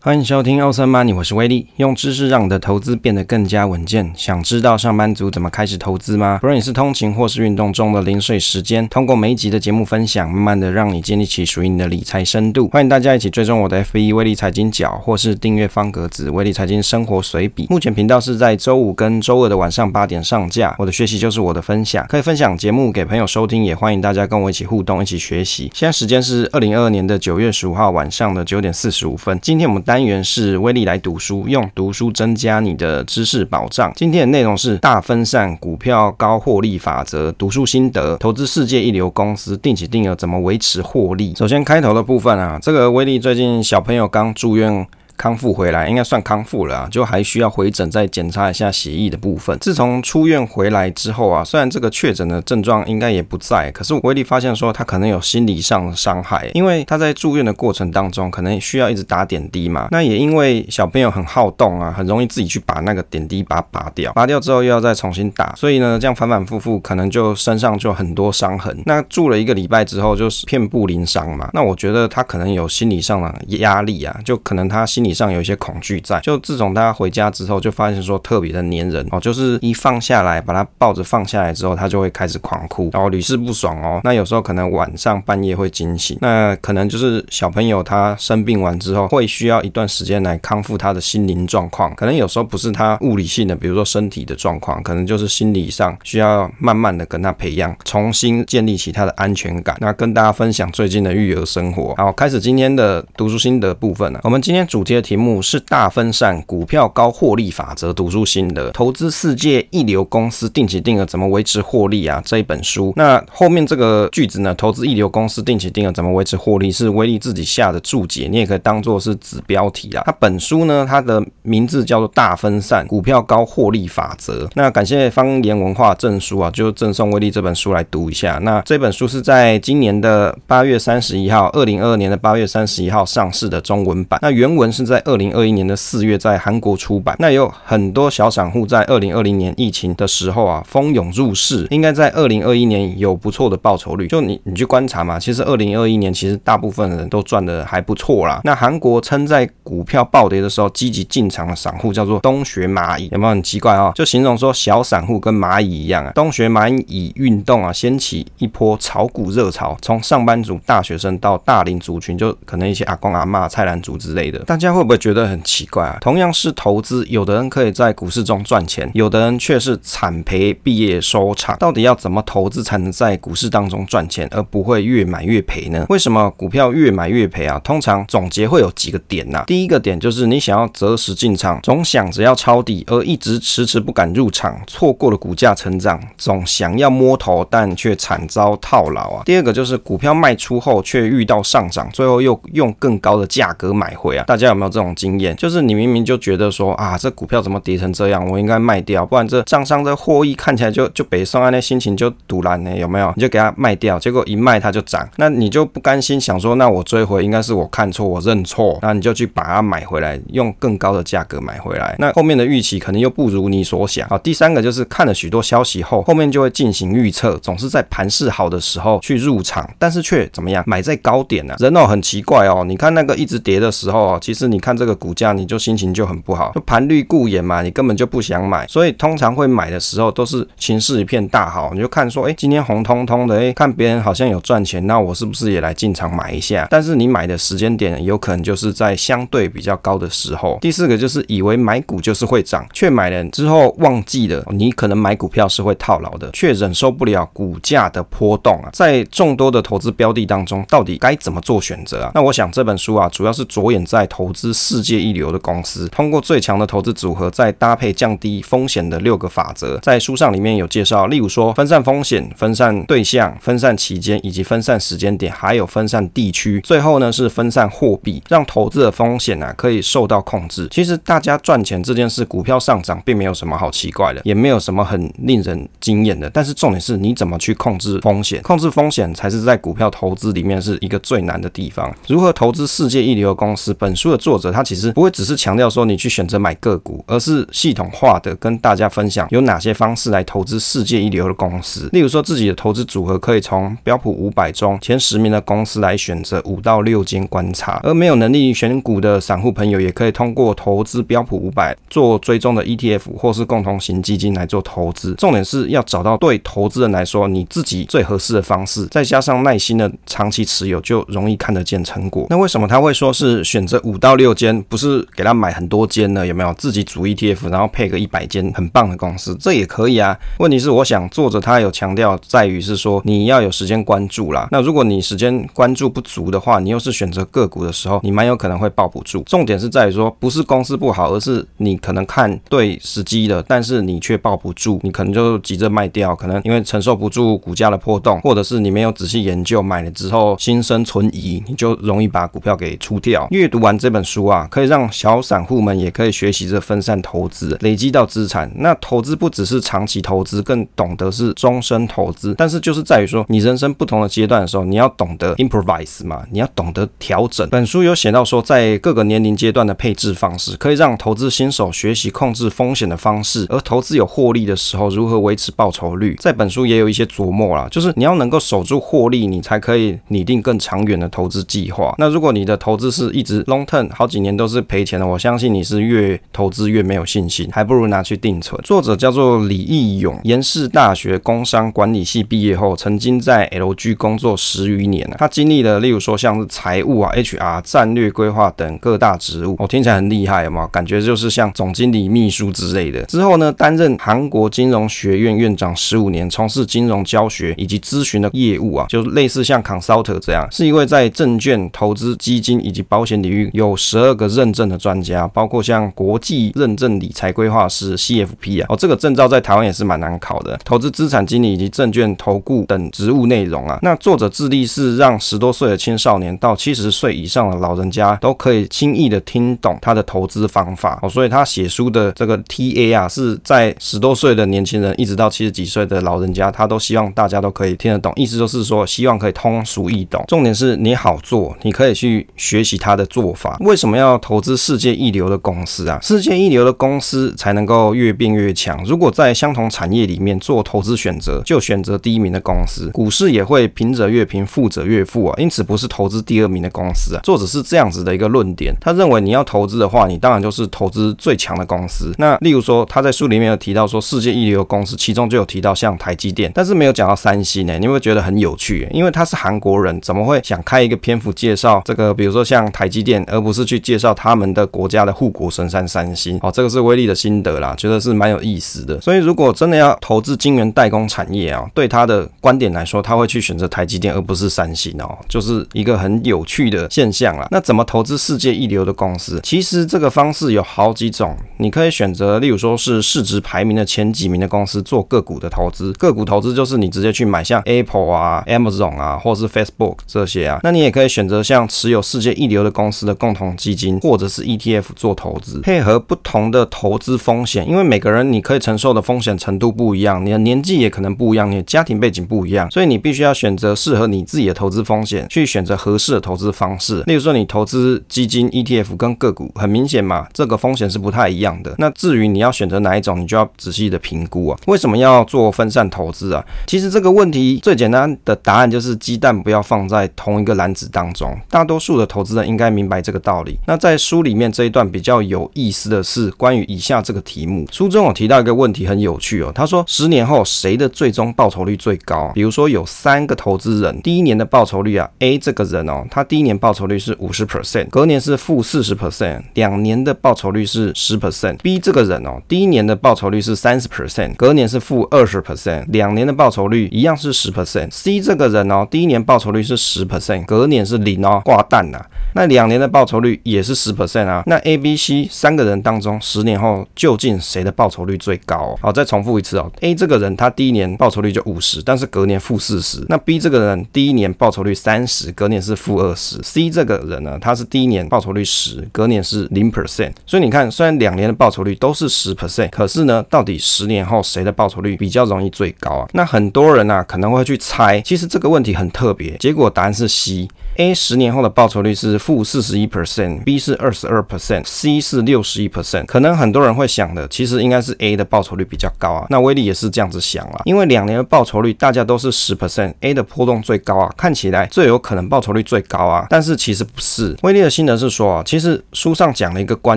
歡迎收聽《Awesome Money》，我是威利，用知識讓你的投資變得更加穩健。想知道上班族怎麼開始投資嗎？不論你是通勤或是運動中的零碎時間，通過每一集的節目分享，慢慢的讓你建立起屬於你的理財深度。歡迎大家一起追蹤我的 FB 威利財經角，或是訂閱方格子威利財經生活隨筆。目前頻道是在周五跟周二的晚上八點上架。我的學習就是我的分享，可以分享節目給朋友收聽，也歡迎大家跟我一起互動，一起學習。現在時間是二零二二年的九月十五號晚上的九點四十五分。今天我們，單元是威利來讀書，用讀書增加你的知識寶藏。今天的內容是大分散，股票高獲利法則，讀書心得，投資世界一流公司，定期定額怎麼維持獲利？首先，開頭的部分啊，這個威利最近小朋友剛住院。康復回來應該算康復了啊，就還需要回診再檢查一下血液的部分。自從出院回來之後啊，雖然這個確診的症狀應該也不在，可是威利發現說他可能有心理上的傷害，因為他在住院的過程當中可能需要一直打點滴嘛。那也因為小朋友很好動啊，很容易自己去把那個點滴把拔掉，拔掉之後又要再重新打，所以呢這樣反反復復，可能就身上就很多傷痕。那住了一個禮拜之後就是遍體鱗傷嘛。那我覺得他可能有心理上的壓力啊，就可能他心理。上有一些恐懼在，就自從他回家之後，就發現說特別的粘人哦，就是一放下來，把他抱着放下來之後，他就會開始狂哭，然後屢試不爽哦。那有時候可能晚上半夜會驚醒，那可能就是小朋友他生病完之後，會需要一段時間來康復他的心靈狀況，可能有時候不是他物理性的，比如說身體的狀況，可能就是心理上需要慢慢的跟他培養，重新建立起他的安全感。那跟大家分享最近的育兒生活，好，開始今天的讀書心得的部分了啊。我們今天主題。題目是大分散股票高獲利法則讀書心得，投資世界一流公司定期定額怎麼維持獲利啊？這一本書，那後面這個句子呢？投資一流公司定期定額怎麼維持獲利是威利自己下的注解，你也可以當做是子標題啦。他本書呢，它的名字叫做大分散股票高獲利法則。那感謝方言文化贈書啊，就贈送威利這本書來讀一下。那這本書是在今年的八月三十一號，二零二二年的八月三十一號上市的中文版。那原文是。在二零二一年的四月，在韓國出版。那有很多小散戶在二零二零年疫情的時候啊，蜂擁入市，應該在二零二一年有不錯的報酬率。就你，你去觀察嘛，其實二零二一年其實大部分人都賺的還不錯啦。那韓國稱在股票暴跌的時候積極進場的散戶叫做東學螞蟻，有沒有很奇怪啊、哦？就形容說小散戶跟螞蟻一樣啊，東學螞蟻運動啊，掀起一波炒股熱潮，從上班族、大學生到大齡族群，就可能一些阿公阿嬤、菜籃族之類的，大家。會不會覺得很奇怪啊？同樣是投資，有的人可以在股市中賺錢，有的人卻是慘賠畢業收場。到底要怎麼投資才能在股市當中賺錢，而不會越買越賠呢？為什麼股票越買越賠啊？通常總結會有幾個點吶啊。第一個點就是你想要擇時進場，總想着要抄底，而一直遲遲不敢入場，錯過了股價成長。總想要摸頭，但卻慘遭套牢啊。第二個就是股票賣出後卻遇到上漲，最後又用更高的價格買回啊。大家。有沒有這種經驗，就是你明明就覺得說啊，這股票怎麼跌成這樣？我應該賣掉，不然這賬上的獲益看起來就就北上啊，那心情就堵爛呢，有沒有？你就給它賣掉，結果一賣它就漲，那你就不甘心，想說那我追回應該是我看錯，我認錯，那你就去把它買回來，用更高的價格買回來。那後面的預期肯定又不如你所想啊。好，第三個就是看了許多消息後，後面就會進行預測，總是在盤勢好的時候去入場，但是卻怎麼樣買在高點呢、啊？人哦很奇怪哦，你看那個一直跌的時候啊、哦，其實。你看這個股價，你就心情就很不好，就盤綠顧眼嘛，你根本就不想買，所以通常會買的時候都是情勢一片大好，你就看說，哎，今天紅彤彤的，哎，看別人好像有賺錢，那我是不是也來進場買一下？但是你買的時間點有可能就是在相對比較高的時候。第四個就是以為買股就是會漲，卻買了之後忘記了，你可能買股票是會套牢的，卻忍受不了股價的波動啊。在眾多的投資標的當中，到底該怎麼做選擇啊？那我想這本書啊，主要是着眼在投。是世界一流的公司，通過最強的投資組合，再搭配降低風險的六個法則，在書上裡面有介紹。例如說，分散風險、分散對象、分散期間以及分散時間點，還有分散地區，最後呢是分散貨幣，讓投資的風險啊可以受到控制。其實大家賺錢這件事，股票上漲並沒有什麼好奇怪的，也沒有什麼很令人驚艷的。但是重點是你怎麼去控制風險，控制風險才是在股票投資裡面是一個最難的地方。如何投資世界一流的公司？本書的作者他其實不會只是強調說你去選擇買個股，而是系統化的跟大家分享有哪些方式來投資世界一流的公司。例如說，自己的投資組合可以從標普五百中前十名的公司來選擇五到六間觀察。而沒有能力選股的散戶朋友，也可以通過投資標普五百做追蹤的 ETF 或是共同型基金來做投資。重點是要找到對投資人來說你自己最合適的方式，再加上耐心的長期持有，就容易看得見成果。那為什麼他會說是選擇五到六？六間，不是給他買很多間呢？有沒有自己組 ETF，然後配個一百間很棒的公司，這也可以啊。問題是，我想作者他有強調在於是說你要有時間關注啦。那如果你時間關注不足的話，你又是選擇個股的時候，你蠻有可能會抱不住。重點是在於說不是公司不好，而是你可能看對時機了，但是你卻抱不住，你可能就急着賣掉，可能因為承受不住股價的波動，或者是你沒有仔細研究，買了之後心生存疑，你就容易把股票給出掉。閱讀完這本。書啊，可以讓小散戶們也可以學習着分散投資，累積到資產。那投資不只是長期投資，更懂得是終身投資。但是就是在於說，你人生不同的階段的時候，你要懂得 improvise 嘛，你要懂得調整。本書有寫到說，在各個年齡階段的配置方式，可以讓投資新手學習控制風險的方式。而投資有獲利的時候，如何維持報酬率，在本書也有一些著墨啦，就是你要能夠守住獲利，你才可以擬定更長遠的投資計劃。那如果你的投資是一直 long term。好幾年都是賠錢的，我相信你是越投資越沒有信心，還不如拿去定存。作者叫做李一泳，延世大學工商管理系畢業後，曾經在 LG 工作十餘年。他經歷了，例如說像是財務啊、HR、戰略規劃等各大職務，我、哦、聽起來很厲害嘛，感覺就是像總經理、秘書之類的。之後呢，擔任韓國金融學院院長十五年，從事金融教學以及諮詢的業務啊，就類似像 consult 這樣，是一位在證券、投資基金以及保險領域有。十二個認證的專家，包括像國際認證理財規劃師 CFP 啊，哦，這個證照在台灣也是蠻難考的。投資資產經理以及證券投顧等職務內容啊，那作者致力是讓十多歲的青少年到七十歲以上的老人家都可以輕易的聽懂他的投資方法哦，所以他寫書的這個 TA 啊，是在十多歲的年輕人一直到七十幾歲的老人家，他都希望大家都可以聽得懂，意思就是說希望可以通俗易懂，重點是你好做，你可以去學習他的做法。為什麼要投資世界一流的公司啊？世界一流的公司才能夠越變越強。如果在相同產業裡面做投資選擇，就選擇第一名的公司，股市也會貧者越貧，富者越富啊。因此不是投資第二名的公司啊。作者是這樣子的一個論點，他認為你要投資的話，你當然就是投資最強的公司。那例如說他在書裡面有提到說，世界一流的公司，其中就有提到像台積電，但是沒有講到三星呢。你會覺得很有趣，因為他是韓國人，怎麼會想開一個篇幅介紹這個，比如說像台積電，而不是？是去介紹他們的國家的護國神山三星哦，這個是威利的心得啦，覺得是蠻有意思的。所以如果真的要投資晶圓代工產業啊、哦，對他的觀點來說，他會去選擇台積電而不是三星哦，就是一個很有趣的現象啦。那怎麼投資世界一流的公司？其實這個方式有好幾種，你可以選擇，例如說是市值排名的前幾名的公司做個股的投資，個股投資就是你直接去買像 Apple 啊、Amazon 啊，或是 Facebook 這些啊。那你也可以選擇像持有世界一流的公司的共同。基金或者是 ETF 做投資，配合不同的投資風險，因為每個人你可以承受的風險程度不一樣，你的年紀也可能不一樣，你的家庭背景不一樣，所以你必須要選擇適合你自己的投資風險，去選擇合適的投資方式。例如說，你投資基金、ETF 跟個股，很明顯嘛，這個風險是不太一樣的。那至於你要選擇哪一種，你就要仔細的評估啊。為什麼要做分散投資啊？其實這個問題最簡單的答案就是雞蛋不要放在同一個籃子當中。大多數的投資人應該明白這個道理。那在書裡面這一段比較有意思的是關於以下這個題目，書中我提到一個問題很有趣哦，他說十年後誰的最終報酬率最高？比如說有三個投資人，第一年的報酬率啊，A 這個人哦，他第一年報酬率是五十 percent，隔年是負四十 percent，兩年的報酬率是十 percent。B 這個人哦，第一年的報酬率是三十 percent，隔年是負二十 percent，兩年的報酬率一樣是十 percent。C 這個人哦，第一年報酬率是十 percent，隔年是零哦，掛蛋吶、啊，那兩年的報酬率。也是十 percent 啊，那 A、B、C 三個人當中，十年後究竟誰的報酬率最高哦？好，再重複一次哦，A 這個人他第一年報酬率就五十，但是隔年負四十，那 B 這個人第一年報酬率三十，隔年是負二十，C 這個人呢，他是第一年報酬率十，隔年是零 percent。所以你看，雖然兩年的報酬率都是十 percent，可是呢，到底十年後誰的報酬率比較容易最高啊？那很多人啊可能會去猜，其實這個問題很特別，結果答案是 C。A 十年後的報酬率是負四十一 percent，B 是二十二 percent，C 是六十一 percent。可能很多人會想的，其實應該是 A 的報酬率比較高啊。那威利也是這樣子想啊，因為兩年的報酬率大家都是十 percent，A 的波動最高啊，看起來最有可能報酬率最高啊。但是其實不是。威利的心得是說啊，其實書上講了一個觀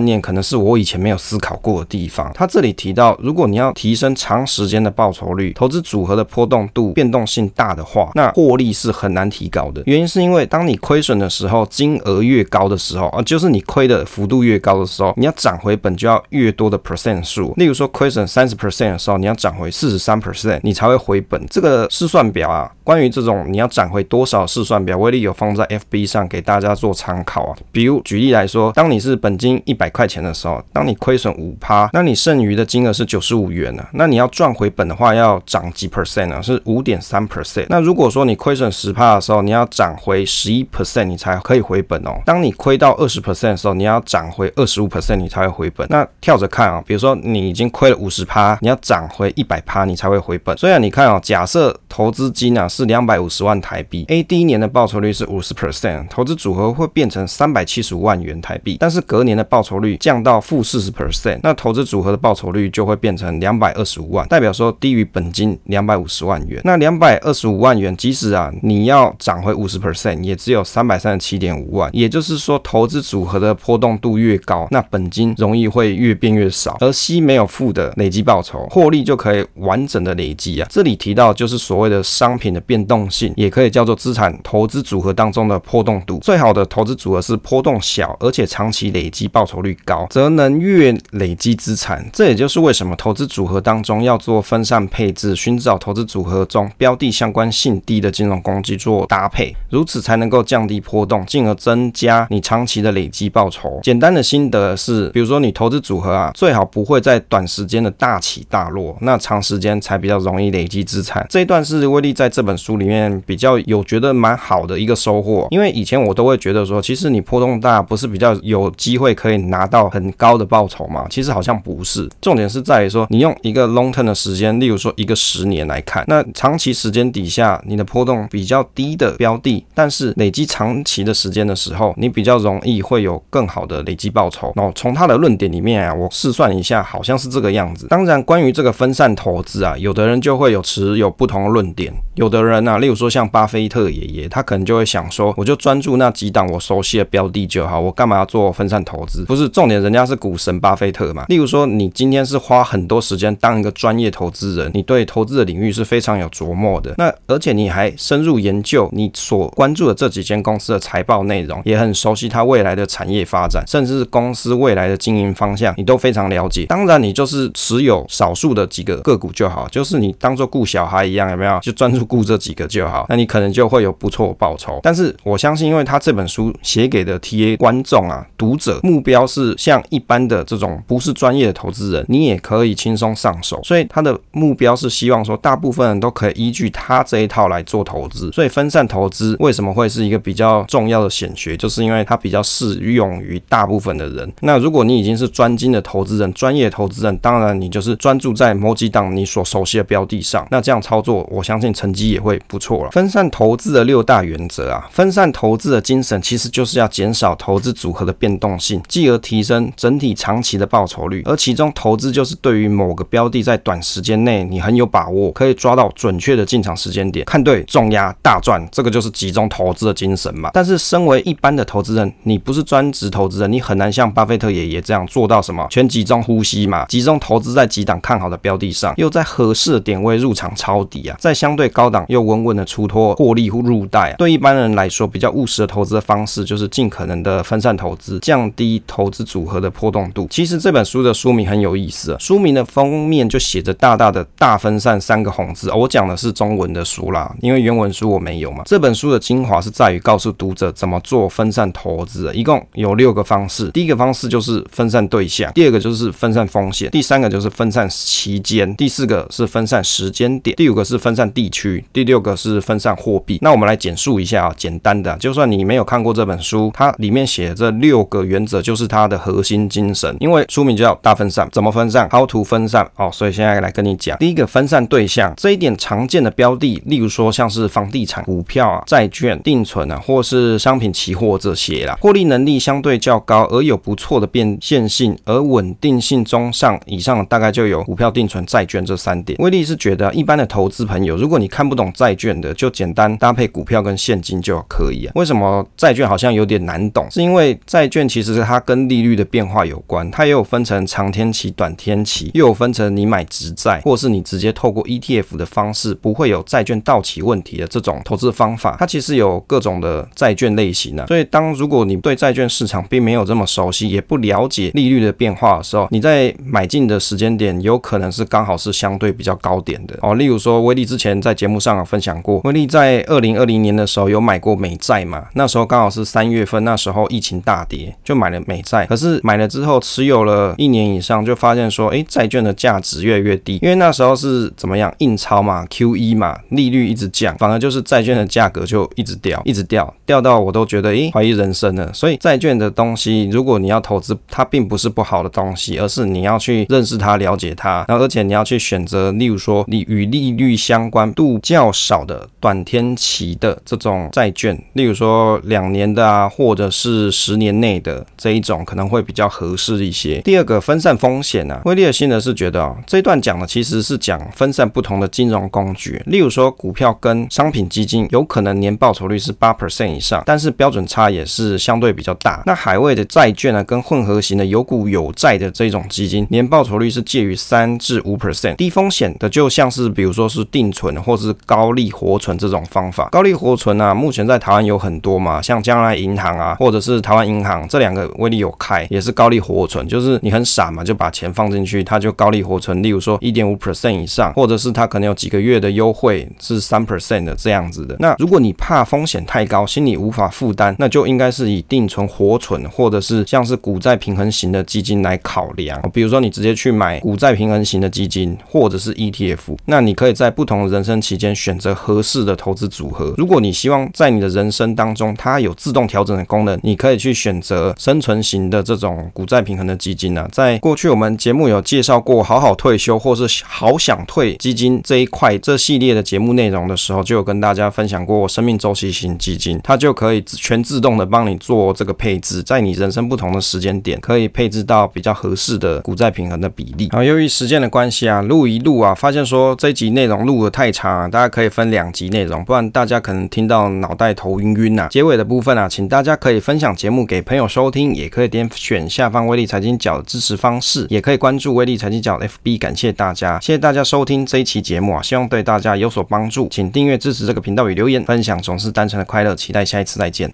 念，可能是我以前沒有思考過的地方。他這裡提到，如果你要提升長時間的報酬率，投資組合的波動度、變動性大的話，那獲利是很難提高的。原因是因為當你你虧損的時候，金額越高的時候，啊，就是你虧的幅度越高的時候，你要漲回本就要越多的 percent 數。例如說虧損三十 percent 的時候，你要漲回四十三 percent，你才會回本。這個試算表啊，關於這種你要漲回多少試算表，我也有放在 FB 上給大家做參考啊。比如舉例來說，當你是本金一百塊錢的時候，當你虧損五趴，那你剩餘的金額是九十五元呢、啊，那你要賺回本的話要，要漲幾 percent 呢？是五點三 percent。那如果說你虧損十趴的時候，你要漲回十一。percent 你才可以回本哦。當你虧到二十 percent 的時候，你要漲回二十五 percent 你才會回本。那跳着看啊、哦，比如說你已經虧了五十趴，你要漲回一百趴你才會回本。所以啊，你看啊、哦，假設投資金啊是兩百五十萬台幣，A 第一年的報酬率是五十 percent，投資組合會變成三百七十五萬元台幣。但是隔年的報酬率降到負四十 percent，那投資組合的報酬率就會變成兩百二十五萬，代表說低於本金兩百五十萬元。那兩百二十五萬元，即使啊你要漲回五十 percent 也。只有三百三十七點五萬，也就是說，投資組合的波動度越高，那本金容易會越變越少，而息沒有負的累積報酬，獲利就可以完整的累積啊。這裡提到就是所謂的商品的變動性，也可以叫做資產投資組合當中的波動度。最好的投資組合是波動小，而且長期累積報酬率高，則能越累積資產。這也就是為什麼投資組合當中要做分散配置，尋找投資組合中標的相關性低的金融工具做搭配，如此才能。夠降低波動，進而增加你長期的累積報酬。簡單的心得是，比如說你投資組合啊，最好不會在短時間的大起大落，那長時間才比較容易累積資產。這一段是威利在這本書裡面比較有覺得蠻好的一個收穫，因為以前我都會覺得說，其實你波動大不是比較有機會可以拿到很高的報酬嘛？其實好像不是，重點是在於說你用一個 long term 的時間，例如說一個十年來看，那長期時間底下你的波動比較低的標的，但是。累積長期的時間的時候，你比較容易會有更好的累積報酬。然後從他的論點裡面啊，我試算一下，好像是這個樣子。當然，關於這個分散投資啊，有的人就會有持有不同的論點。有的人吶、啊，例如說像巴菲特爺爺，他可能就會想說，我就專注那幾檔我熟悉的標的就好，我幹嘛要做分散投資？不是重點，人家是股神巴菲特嘛。例如說，你今天是花很多時間當一個專業投資人，你對投資的領域是非常有琢磨的。那而且你還深入研究你所關注的這幾間公司的財報內容，也很熟悉它未來的產業發展，甚至是公司未來的經營方向，你都非常了解。當然，你就是持有少數的幾個個股就好，就是你當做顧小孩一樣，有沒有？就專注。顧這幾個就好，那你可能就會有不錯報酬。但是我相信，因為他這本書寫給的 TA 觀眾啊，讀者目標是像一般的這種不是專業的投資人，你也可以輕鬆上手。所以他的目標是希望說，大部分人都可以依據他這一套來做投資。所以分散投資為什麼會是一個比較重要的顯學，就是因為它比較適用於大部分的人。那如果你已經是專精的投資人，專業投資人，當然你就是專注在某幾檔你所熟悉的標的上。那這樣操作，我相信成。機也會不錯了。分散投資的六大原則啊，分散投資的精神其實就是要減少投資組合的變動性，繼而提升整體長期的報酬率。而其中投資就是對於某個標的在短時間內你很有把握，可以抓到準確的進場時間點，看對重壓大賺，這個就是集中投資的精神嘛。但是身為一般的投資人，你不是專職投資人，你很難像巴菲特爺爺這樣做到什麼全集中呼吸嘛？集中投資在幾檔看好的標的上，又在合適的點位入場抄底啊，在相對高。高檔又穩穩的出脫獲利或入袋啊，對一般人來說比較務實的投資的方式就是盡可能的分散投資，降低投資組合的波動度。其實這本書的書名很有意思啊，書名的封面就寫着大大的“大分散”三個紅字。我講的是中文的書啦，因為原文書我沒有嘛。這本書的精華是在於告訴讀者怎麼做分散投資啊，一共有六個方式。第一個方式就是分散對象，第二個就是分散風險，第三個就是分散期間，第四個是分散時間點，第五個是分散地區。第六個是分散貨幣。那我們來簡述一下啊，簡單的，就算你沒有看過這本書，它裡面寫的這六個原則就是它的核心精神。因為書名叫大分散，怎麼分散？how to 分散哦。所以現在來跟你講，第一個分散對象這一點常見的標的，例如說像是房地產、股票啊、債券、定存啊，或是商品期貨這些啦，獲利能力相對較高，而有不錯的變現性，而穩定性中上。以上大概就有股票、定存、債券這三點。威力是覺得，一般的投資朋友，如果你看。看不懂債券的，就簡單搭配股票跟現金就可以啊。為什麼債券好像有點難懂？是因為債券其實它跟利率的變化有關，它也有分成長天期、短天期，又有分成你買直債，或是你直接透過 ETF 的方式，不會有債券到期問題的這種投資方法。它其實有各種的債券類型啊。所以當如果你對債券市場並沒有這麼熟悉，也不了解利率的變化的時候，你在買進的時間點有可能是剛好是相對比較高點的哦。例如說威利之前在節目。幕上有分享過，威利在二零二零年的時候有買過美債嘛，那時候剛好是三月份，那時候疫情大跌，就買了美債。可是買了之後，持有了一年以上，就發現說，哎、欸，債券的價值越來越低，因為那時候是怎麼樣，印鈔嘛，QE 嘛，利率一直降，反而就是債券的價格就一直掉，一直掉，掉到我都覺得，哎、欸，懷疑人生了。所以債券的東西，如果你要投資，它並不是不好的東西，而是你要去認識它，了解它，然後而且你要去選擇，例如說，你與利率相關度較少的短天期的這種債券，例如說兩年的啊，或者是十年內的這一種，可能會比較合適一些。第二個分散風險啊，威利爾遜呢是覺得啊、哦，這段講的其實是講分散不同的金融工具，例如說股票跟商品基金，有可能年報酬率是八 percent 以上，但是標準差也是相對比較大。那海外的債券呢、啊，跟混合型的有股有債的這種基金，年報酬率是介於三至五 percent，低風險的就像是比如說是定存或者是高利活存這種方法，高利活存啊，目前在台灣有很多嘛，像將來銀行啊，或者是台灣銀行這兩個威利有開，也是高利活存，就是你很傻嘛，就把錢放進去，它就高利活存。例如說一點五 percent 以上，或者是它可能有幾個月的優惠是三 percent 的這樣子的。那如果你怕風險太高，心裡無法負擔，那就應該是以定存、活存，或者是像是股債平衡型的基金來考量。比如說你直接去買股債平衡型的基金，或者是 ETF，那你可以在不同的人生期間間選擇合適的投資組合。如果你希望在你的人生當中它有自動調整的功能，你可以去選擇生存型的這種股債平衡的基金啊。在過去我們節目有介紹過“好好退休”或是“好想退”基金這一塊這系列的節目內容的時候，就有跟大家分享過生命週期型基金，它就可以全自動的幫你做這個配置，在你人生不同的時間點可以配置到比較合適的股債平衡的比例。啊，由於時間的關係啊，錄一錄啊，發現說這一集內容錄得太長。啊，大家可以分兩集內容，不然大家可能聽到腦袋頭暈暈吶，啊。結尾的部分啊，請大家可以分享節目給朋友收聽，也可以點選下方“威利財經角”的支持方式，也可以關注“威利財經角 ”FB。感謝大家，謝謝大家收聽這一期節目啊，希望對大家有所幫助，請訂閱支持這個頻道與留言分享，總是單純的快樂。期待下一次再見。